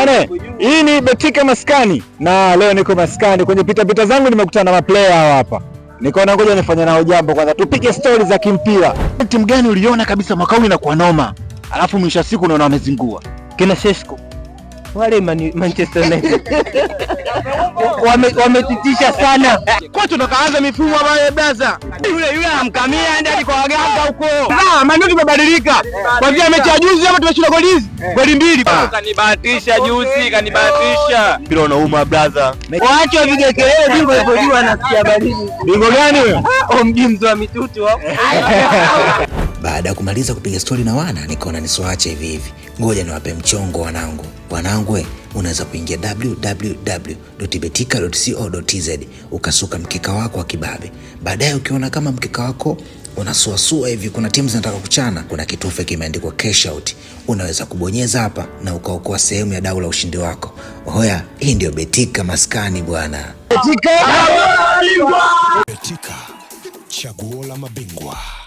Ane, hii ni Betika Maskani na leo niko maskani kwenye pita pita zangu nimekutana na maplaya hawa hapa. Nikaona ngoja nifanye nao jambo kwanza tupike stori za kimpira. Timu gani uliona kabisa mwaka huu inakuwa noma? Alafu mwisho siku unaona wamezingua. Kina Sesko wale mani, Manchester United wametitisha sana kwa tunakaanza mifumo ambayo blaza yule yule anamkamia hadi kwa waganga huko. Na maneno imebadilika. Kwa vile mechi ya juzi hapa tumeshinda goli hizi, goli mbili. Ah. kanibatisha juzi, kanibahatisha. Bila unauma blaza. Waache wapige kelele bingo hivyo juu anasikia baridi. Bingo gani wewe? Omjimzo wa mitutu hapo. Baada ya kumaliza kupiga stori na wana, nikaona nisiwaache hivi hivi, ngoja niwape mchongo wanangu. Wanangu, unaweza kuingia www.betika.co.tz ukasuka mkeka wako wa kibabe. Baadaye ukiona kama mkeka wako unasuasua hivi, kuna timu zinataka kuchana, kuna kitufe kimeandikwa cash out, unaweza kubonyeza hapa na ukaokoa sehemu ya dau la ushindi wako. Hoya, hii ndio Betika maskani bwana. Betika, chaguo la mabingwa.